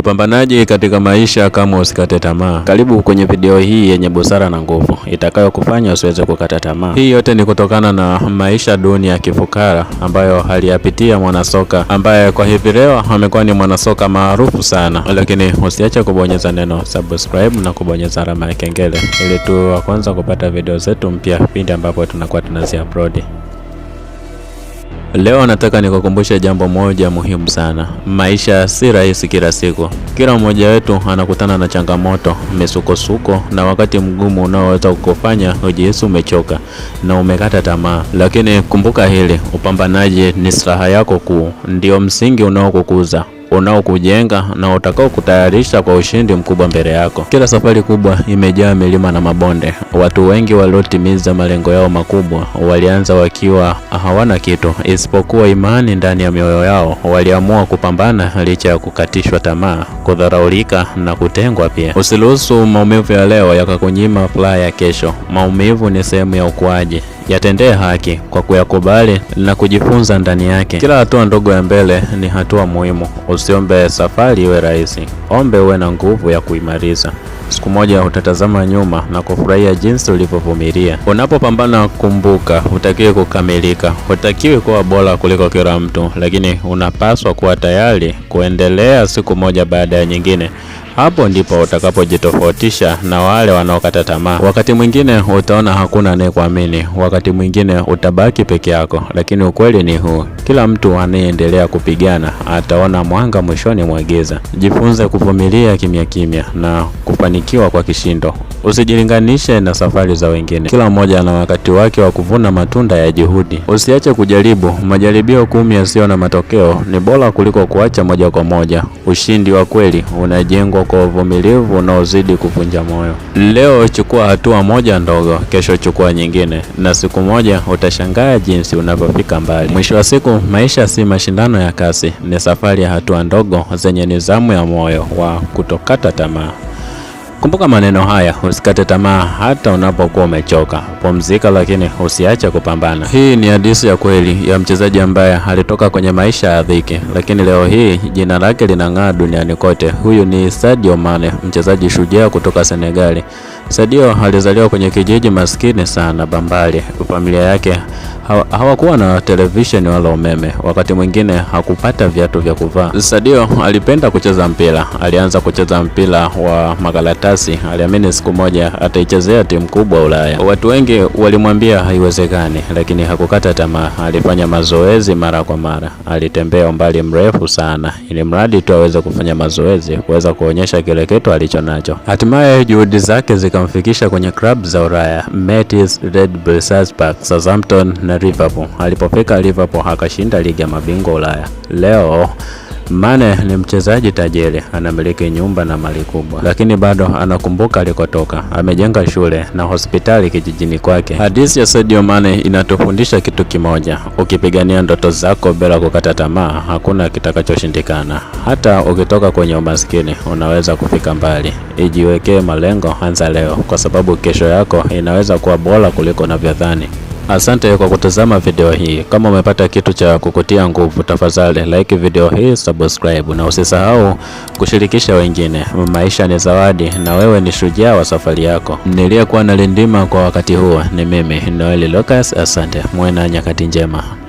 Upambanaji katika maisha kama usikate tamaa. Karibu kwenye video hii yenye busara na nguvu itakayokufanya usiweze kukata tamaa. Hii yote ni kutokana na maisha duni ya kifukara ambayo aliyapitia mwanasoka ambaye kwa hivi leo amekuwa ni mwanasoka maarufu sana, lakini usiache kubonyeza neno subscribe na kubonyeza alama ya kengele ili tu wa kwanza kupata video zetu mpya pindi ambapo tunakuwa tunazi upload. Leo nataka nikukumbushe jambo moja muhimu sana. Maisha si rahisi kila siku. Kila mmoja wetu anakutana na changamoto, misukosuko na wakati mgumu unaoweza kukufanya ujihisi umechoka na umekata tamaa. Lakini kumbuka hili, upambanaji ni silaha yako kuu, ndio msingi unaokukuza unaokujenga na utakao kutayarisha kwa ushindi mkubwa mbele yako. Kila safari kubwa imejaa milima na mabonde. Watu wengi waliotimiza malengo yao makubwa walianza wakiwa hawana kitu isipokuwa imani ndani ya mioyo yao. Waliamua kupambana licha ya kukatishwa tamaa, kudharaulika na kutengwa. Pia usiruhusu maumivu ya leo yakakunyima furaha ya kesho. Maumivu ni sehemu ya ukuaji yatendee haki kwa kuyakubali na kujifunza ndani yake. Kila hatua ndogo ya mbele ni hatua muhimu. Usiombe safari iwe rahisi, ombe uwe na nguvu ya kuimaliza. Siku moja utatazama nyuma na kufurahia jinsi ulivyovumilia. Unapopambana, kumbuka, hutakiwi kukamilika, hutakiwi kuwa bora kuliko kila mtu, lakini unapaswa kuwa tayari kuendelea siku moja baada ya nyingine. Hapo ndipo utakapojitofautisha na wale wanaokata tamaa. Wakati mwingine utaona hakuna anayekuamini, wakati mwingine utabaki peke yako, lakini ukweli ni huu: kila mtu anayeendelea kupigana ataona mwanga mwishoni mwa giza. Jifunze kuvumilia kimya kimya na kufanikiwa kwa kishindo. Usijilinganishe na safari za wengine. Kila mmoja ana wakati wake wa kuvuna matunda ya juhudi. Usiache kujaribu. Majaribio kumi yasiyo na matokeo ni bora kuliko kuacha moja kwa moja. Ushindi wa kweli unajengwa kwa uvumilivu unaozidi kuvunja moyo. Leo chukua hatua moja ndogo, kesho chukua nyingine, na siku moja utashangaa jinsi unavyofika mbali. Mwisho wa siku, maisha si mashindano ya kasi, ni safari ya hatua ndogo zenye nidhamu ya moyo wa kutokata tamaa. Kumbuka maneno haya, usikate tamaa hata unapokuwa umechoka. Pumzika lakini usiache kupambana. Hii ni hadithi ya kweli ya mchezaji ambaye alitoka kwenye maisha ya dhiki, lakini leo hii jina lake linang'aa duniani kote. Huyu ni Sadio Mane, mchezaji shujaa kutoka Senegali Sadio alizaliwa kwenye kijiji maskini sana Bambali. Familia yake hawakuwa na televisheni wala umeme, wakati mwingine hakupata viatu vya kuvaa. Sadio alipenda kucheza mpira. Alianza kucheza mpira wa makaratasi, aliamini siku moja ataichezea timu kubwa Ulaya. Watu wengi walimwambia haiwezekani, lakini hakukata tamaa. Alifanya mazoezi mara kwa mara, alitembea umbali mrefu sana, ili mradi tu aweze kufanya mazoezi, kuweza kuonyesha kile kitu alichonacho. Hatimaye juhudi zake zika ikamfikisha kwenye klabu za Ulaya Metis, Red Bull Salzburg, Southampton na Liverpool. Alipofika Liverpool akashinda ligi ya mabingwa Ulaya. Leo Mane ni mchezaji tajiri, anamiliki nyumba na mali kubwa, lakini bado anakumbuka alikotoka. Amejenga shule na hospitali kijijini kwake. Hadithi ya Sadio Mane inatufundisha kitu kimoja: ukipigania ndoto zako bila kukata tamaa, hakuna kitakachoshindikana. Hata ukitoka kwenye umaskini, unaweza kufika mbali. Ijiwekee malengo, anza leo, kwa sababu kesho yako inaweza kuwa bora kuliko unavyodhani. Asante kwa kutazama video hii. Kama umepata kitu cha kukutia nguvu, tafadhali like video hii, subscribe na usisahau kushirikisha wengine. Maisha ni zawadi na wewe ni shujaa wa safari yako. Niliyekuwa na lindima kwa wakati huo ni mimi Noel Lucas. Asante, muwe na nyakati njema.